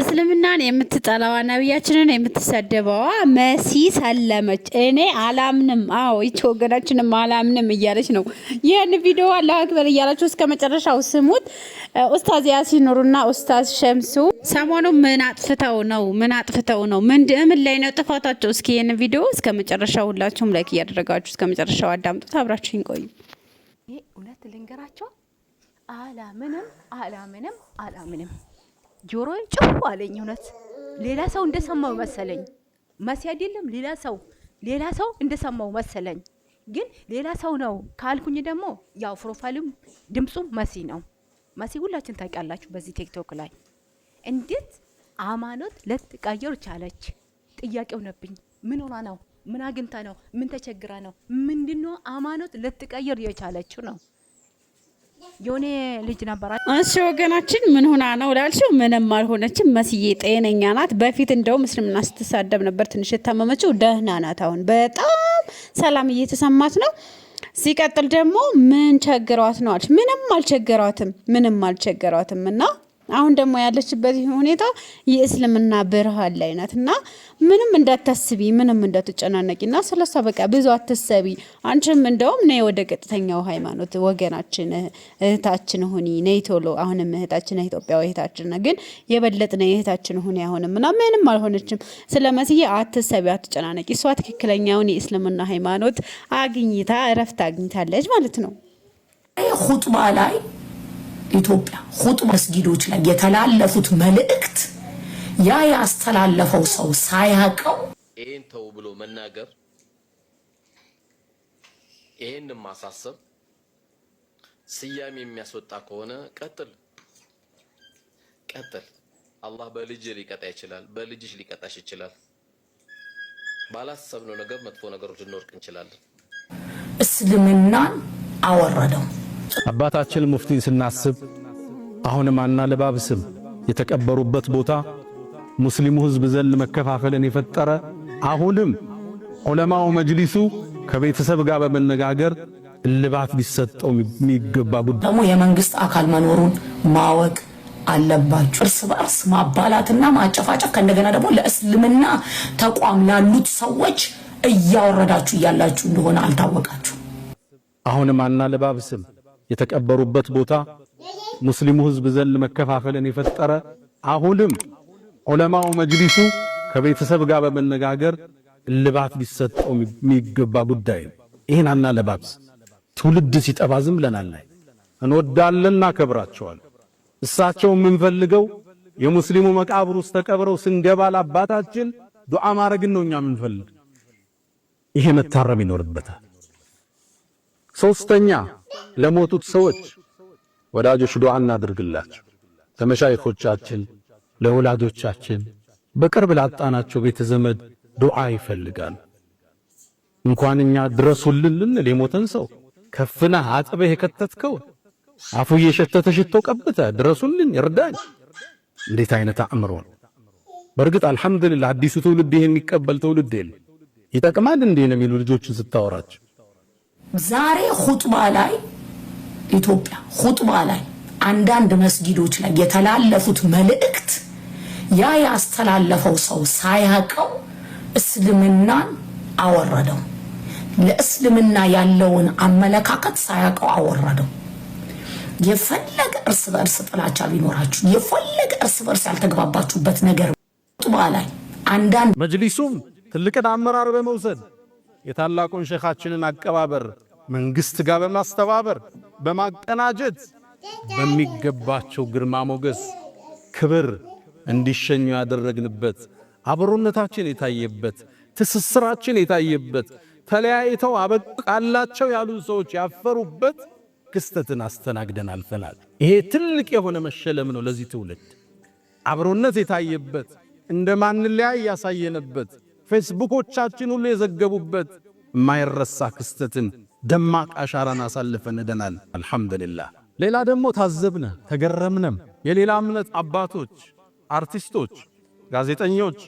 እስልምናን የምትጠላዋ ነቢያችንን የምትሰደበዋ መሲ ሰለመች። እኔ አላምንም፣ አዎ ይች ወገናችንም አላምንም እያለች ነው። ይህን ቪዲዮ አላሁ አክበር እያላችሁ እስከ መጨረሻው ስሙት። ኡስታዝ ያሲን ኑሩና ኡስታዝ ሸምሱ ሰሞኑ ምን አጥፍተው ነው? ምን አጥፍተው ነው? ምን ምን ላይ ነው ጥፋታቸው? እስኪ ይህን ቪዲዮ እስከ መጨረሻው ሁላችሁም ላይክ እያደረጋችሁ እስከ መጨረሻው አዳምጡት። አብራችሁኝ ቆዩ። እውነት ልንገራቸው አላምንም፣ አላምንም፣ አላምንም ጆሮ ጭው አለኝ። እውነት ሌላ ሰው እንደሰማው መሰለኝ። መሲ አይደለም ሌላ ሰው ሌላ ሰው እንደሰማው መሰለኝ። ግን ሌላ ሰው ነው ካልኩኝ ደግሞ ያው ፕሮፋይልም ድምፁም መሲ ነው። መሲ ሁላችን ታውቃላችሁ። በዚህ ቲክቶክ ላይ እንዴት አማኖት ልትቀይር ቻለች? ጥያቄ ነብኝ። ምን ሆና ነው? ምን አግኝታ ነው? ምን ተቸግራ ነው? ምንድነው አማኖት ልትቀይር የቻለችው ነው? የሆነ ልጅ ነበራ። እሺ ወገናችን ምን ሆና ነው ላልሽው፣ ምንም አልሆነችም። መስዬ ጤነኛ ናት። በፊት እንደውም እስልምና ስትሳደብ ነበር ትንሽ የታመመችው። ደህና ናት። አሁን በጣም ሰላም እየተሰማት ነው። ሲቀጥል ደግሞ ምን ቸግሯት ነው አልሽ? ምንም አልቸገሯትም። ምንም አልቸገሯትም እና አሁን ደግሞ ያለችበት ሁኔታ የእስልምና ብርሃን ላይ ናት እና ምንም እንዳታስቢ ምንም እንዳትጨናነቂ እና ስለሷ በቃ ብዙ አትሰቢ። አንቺም እንደውም ነይ ወደ ቀጥተኛው ሃይማኖት ወገናችን እህታችን ሁኒ ነይ ቶሎ። አሁንም እህታችን ኢትዮጵያዊ እህታችን ግን የበለጥ የበለጥነ እህታችን ሁኒ አሁንም እና ምንም አልሆነችም። ስለ መስዬ አትሰቢ፣ አትጨናነቂ። እሷ ትክክለኛውን የእስልምና ሃይማኖት አግኝታ እረፍት አግኝታለች ማለት ነው። ሁጥባ ላይ ኢትዮጵያ ሁጡ መስጊዶች ላይ የተላለፉት መልእክት ያ ያስተላለፈው ሰው ሳያውቀው ይሄን ተው ብሎ መናገር፣ ይህን ማሳሰብ ስያሜ የሚያስወጣ ከሆነ ቀጥል ቀጥል። አላህ በልጅ ሊቀጣ ይችላል፣ በልጅሽ ሊቀጣሽ ይችላል። ባላሰብነው ነገር መጥፎ ነገሮች ልንወርቅ እንችላለን። እስልምናን አወረደው። አባታችን ሙፍቲን ስናስብ አሁንም አናለባብስም። የተቀበሩበት ቦታ ሙስሊሙ ሕዝብ ዘንድ መከፋፈልን የፈጠረ አሁንም ዑለማው መጅሊሱ ከቤተሰብ ጋር በመነጋገር እልባት ሊሰጠው የሚገባ ጉዳይ ደግሞ የመንግስት አካል መኖሩን ማወቅ አለባችሁ። እርስ በእርስ ማባላትና ማጨፋጨፍ ከእንደገና ደግሞ ለእስልምና ተቋም ላሉት ሰዎች እያወረዳችሁ እያላችሁ እንደሆነ አልታወቃችሁ። አሁንም አናለባብስም የተቀበሩበት ቦታ ሙስሊሙ ህዝብ ዘንድ መከፋፈልን የፈጠረ አሁንም ዑለማው መጅሊሱ ከቤተሰብ ጋር በመነጋገር እልባት ሊሰጠው የሚገባ ጉዳይ ነው። ይህን አና ለባብስ ትውልድ ሲጠፋ ዝም ብለናል። እንወዳለን፣ እናከብራቸዋል። እሳቸው የምንፈልገው የሙስሊሙ መቃብር ውስጥ ተቀብረው ስንገባ ለአባታችን ዱዓ ማድረግን ነው እኛ የምንፈልግ። ይሄ መታረም ይኖርበታል። ሶስተኛ ለሞቱት ሰዎች ወዳጆች ዱዓ እናድርግላቸው። ለመሻይኾቻችን፣ ለወላጆቻችን፣ በቅርብ ላጣናቸው ቤተ ዘመድ ዱዓ ይፈልጋል። እንኳን እኛ ድረሱልን ልንል የሞተን ሰው ከፍና አጥበህ የከተትከው አፉ እየሸተተ ሽቶ ቀብተ ድረሱልን ይርዳኝ፣ እንዴት አይነት አእምሮ ነው! በእርግጥ አልሐምዱሊላህ አዲሱ ትውልድ ይሄን የሚቀበል ትውልድ የለም። ይጠቅማል እንዴ ነው የሚሉ ልጆችን ስታወራቸው ዛሬ ሁጥባ ላይ ኢትዮጵያ ሁጥባ ላይ አንዳንድ መስጊዶች ላይ የተላለፉት መልእክት ያ ያስተላለፈው ሰው ሳያውቀው እስልምናን አወረደው። ለእስልምና ያለውን አመለካከት ሳያውቀው አወረደው። የፈለገ እርስ በእርስ ጥላቻ ቢኖራችሁ የፈለገ እርስ በእርስ ያልተግባባችሁበት ነገር ሁጥባ ላይ አንዳንድ መጅሊሱም ትልቅን አመራር በመውሰድ የታላቁን ሼኻችንን አቀባበር መንግሥት ጋር በማስተባበር በማቀናጀት በሚገባቸው ግርማ ሞገስ፣ ክብር እንዲሸኙ ያደረግንበት አብሮነታችን የታየበት ትስስራችን የታየበት ተለያይተው አበቃላቸው ያሉ ሰዎች ያፈሩበት ክስተትን አስተናግደን አልፈናል። ይሄ ትልቅ የሆነ መሸለም ነው ለዚህ ትውልድ አብሮነት የታየበት እንደማንለያይ ያሳየንበት ፌስቡኮቻችን ሁሉ የዘገቡበት የማይረሳ ክስተትን ደማቅ አሻራን አሳልፈን ደናል። አልሐምዱሊላህ። ሌላ ደግሞ ታዘብነ ተገረምነም። የሌላ እምነት አባቶች፣ አርቲስቶች፣ ጋዜጠኞች፣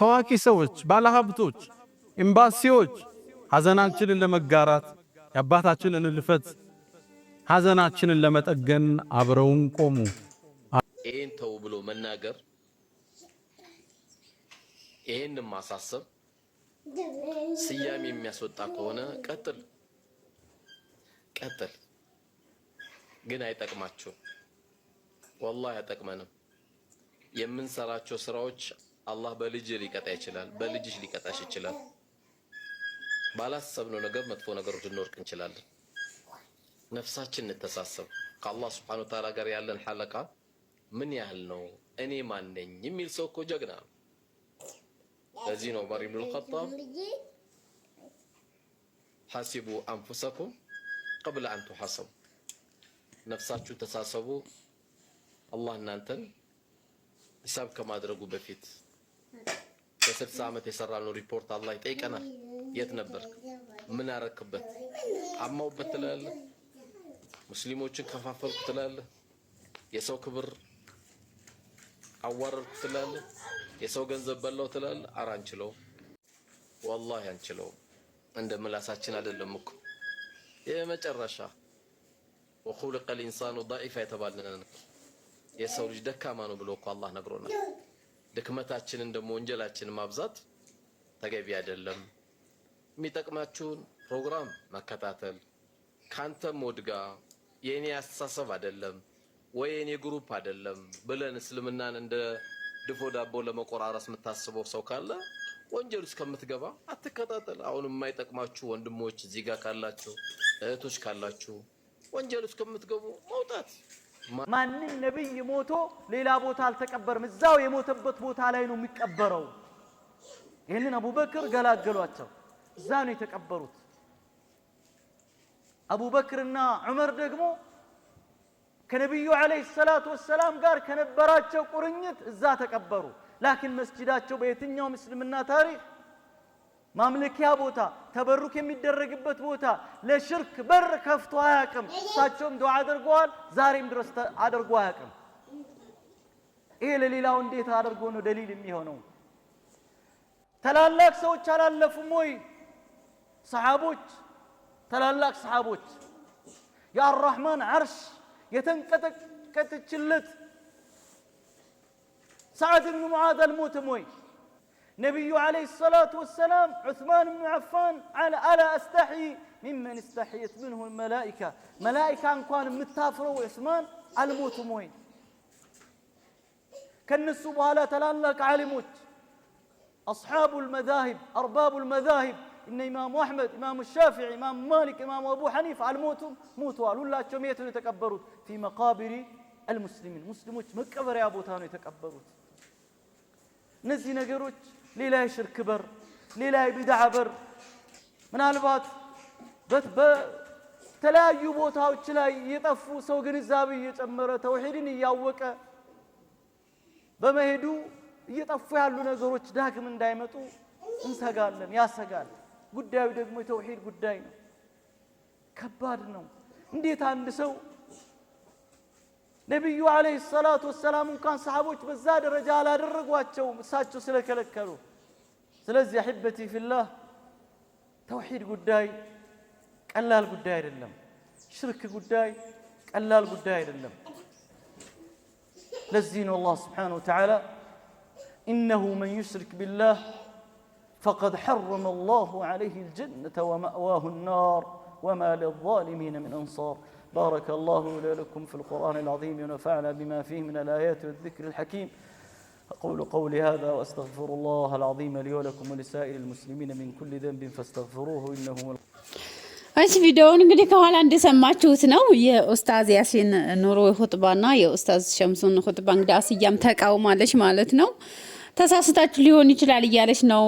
ታዋቂ ሰዎች፣ ባለሀብቶች፣ ኤምባሲዎች ሐዘናችንን ለመጋራት የአባታችንን እልፈት ሐዘናችንን ለመጠገን አብረውን ቆሙ። ይሄን ተው ብሎ መናገር ይሄንም ማሳሰብ ስያሜ የሚያስወጣ ከሆነ ቀጥል። ቀጥል። ግን አይጠቅማችሁም። ወላሂ አይጠቅመንም። የምንሰራቸው ስራዎች አላህ በልጅ ሊቀጣ ይችላል፣ በልጅሽ ሊቀጣሽ ይችላል። ባላሰብነው ነገር መጥፎ ነገሮች ልንወርቅ እንችላለን። ነፍሳችን እንተሳሰብ። ከአላህ ስብሐነሁ ወተዓላ ጋር ያለን ሐለቃ ምን ያህል ነው? እኔ ማን ነኝ የሚል ሰው እኮ ጀግና ነው። ለዚህ ነው ዑመር ኢብኑል ኸጣብ ሐሲቡ አንፉሰኩም ቅብለ አንቱ ሐሰቡ ነፍሳችሁ ተሳሰቡ። አላህ እናንተን ሂሳብ ከማድረጉ በፊት በስልሳ ዓመት የሰራነው ሪፖርት አላህ ይጠይቀናል። የት ነበርክ? ምን አረክበት? አማውበት ትላለህ። ሙስሊሞችን ከፋፈልኩ ትላለህ። የሰው ክብር አዋረርኩ ትላለህ። የሰው ገንዘብ በላው ትላለህ። አረ አንችለውም፣ ወላሂ አንችለውም። እንደ ምላሳችን አይደለም እኮ የመጨረሻ ወኹልቀ ልኢንሳኑ ዳኢፋ የተባልነን የሰው ልጅ ደካማ ነው ብሎ እኮ አላህ ነግሮናል። ድክመታችንን ደግሞ ወንጀላችንን ማብዛት ተገቢ አይደለም። የሚጠቅማችሁን ፕሮግራም መከታተል ካንተም ወድጋ የእኔ አስተሳሰብ አይደለም ወይ የእኔ ግሩፕ አይደለም ብለን እስልምናን እንደ ድፎ ዳቦ ለመቆራረስ የምታስበው ሰው ካለ ወንጀል እስከምትገባ ከምትገባ አትከታተል። አሁን የማይጠቅማችሁ ወንድሞች እዚህ ጋር ካላችሁ እህቶች ካላችሁ ወንጀል እስከምትገቡ ከምትገቡ መውጣት። ማንም ነቢይ ሞቶ ሌላ ቦታ አልተቀበርም፣ እዛው የሞተበት ቦታ ላይ ነው የሚቀበረው። ይህንን አቡበክር ገላገሏቸው። እዛ ነው የተቀበሩት። አቡበክርና ዑመር ደግሞ ከነቢዩ ዓለይሂ ሰላቱ ወሰላም ጋር ከነበራቸው ቁርኝት እዛ ተቀበሩ። ላኪን መስጂዳቸው በየትኛው እስልምና ታሪክ ማምለኪያ ቦታ ተበሩክ የሚደረግበት ቦታ ለሽርክ በር ከፍቶ አያቅም። እሳቸውም ዱዓ አድርገዋል፣ ዛሬም ድረስ አድርጎ አያቅም። ይሄ ለሌላው እንዴት አድርጎ ነው ደሊል የሚሆነው? ታላላቅ ሰዎች አላለፉም ወይ? ሰሓቦች፣ ታላላቅ ሰሓቦች የአራሕማን ዓርሽ የተንቀጠቀጠችለት سعد بن معاذ الموت موي نبي عليه الصلاة والسلام عثمان بن عفان على ألا أستحي ممن استحيت منه الملائكة ملائكة أن كان متافر عثمان الموت موي كن السبها لا تلالك علموت أصحاب المذاهب أرباب المذاهب إن إمام أحمد إمام الشافعي إمام مالك إمام أبو حنيف علموت موتوا لولا شميت يتكبروا في مقابر المسلمين مسلموت مكبر يا أبو تانو يتكبروا እነዚህ ነገሮች ሌላ የሽርክ በር፣ ሌላ የቢድዓ በር ምናልባት በተለያዩ ቦታዎች ላይ እየጠፉ ሰው ግንዛቤ እየጨመረ ተውሂድን እያወቀ በመሄዱ እየጠፉ ያሉ ነገሮች ዳግም እንዳይመጡ እንሰጋለን፣ ያሰጋል። ጉዳዩ ደግሞ የተውሂድ ጉዳይ ነው። ከባድ ነው። እንዴት አንድ ሰው ነቢዩ አለይሂ ሰላቱ ወሰላም እንኳን ሰሃቦች በዛ ደረጃ አላደረጓቸውም እሳቸው ስለከለከሉ። ስለዚህ አሕበቲ ፊላህ ተውሂድ ጉዳይ ቀላል ጉዳይ አይደለም። ሽርክ ጉዳይ ቀላል ጉዳይ አይደለም። ለዚህ ነው አላህ ስብሓነሁ ወተዓላ ኢነሁ መን ዩሽሪክ ቢላህ ፈቀድ ሐረመ አላሁ ዓለይሂ አልጀነተ ወመእዋሁ ናር ወማ ሊዛሊሚነ ሚን አንሳር بارك الله لي لكم في القرآن العظيم ونفعنا بما فيه من الآيات والذكر الحكيم أقول قولي هذا وأستغفر الله العظيم لي ولكم ولسائر المسلمين من كل ذنب فاستغفروه إنه هو እሺ ቪዲዮውን እንግዲህ ከኋላ እንደሰማችሁት ነው የኡስታዝ ያሲን ኑሮ ሁጥባና የኡስታዝ ሸምሱን ሁጥባ እንግዲህ አስያም ተቃውማለች ማለት ነው። ተሳስታችሁ ሊሆን ይችላል እያለች ነው።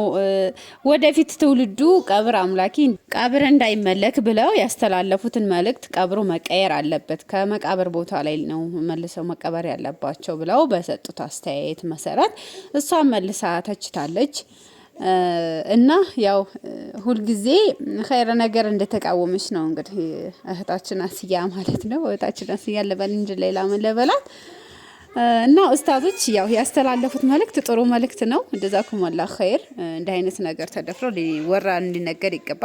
ወደፊት ትውልዱ ቀብር አምላኪ ቀብር እንዳይመለክ ብለው ያስተላለፉትን መልእክት ቀብሩ መቀየር አለበት፣ ከመቃብር ቦታ ላይ ነው መልሰው መቀበር ያለባቸው ብለው በሰጡት አስተያየት መሰረት እሷን መልሳ ተችታለች። እና ያው ሁልጊዜ ኸይረ ነገር እንደተቃወመች ነው እንግዲህ እህታችን አስያ ማለት ነው። እህታችን አስያ ለበል እንጂ ሌላ ምን ለበላት እና ኡስታዞች ያው ያስተላለፉት መልእክት ጥሩ መልእክት ነው። እንደዛ ኩመላ ኸይር እንደ አይነት ነገር ተደፍሮ ሊወራ እንዲነገር ይገባል።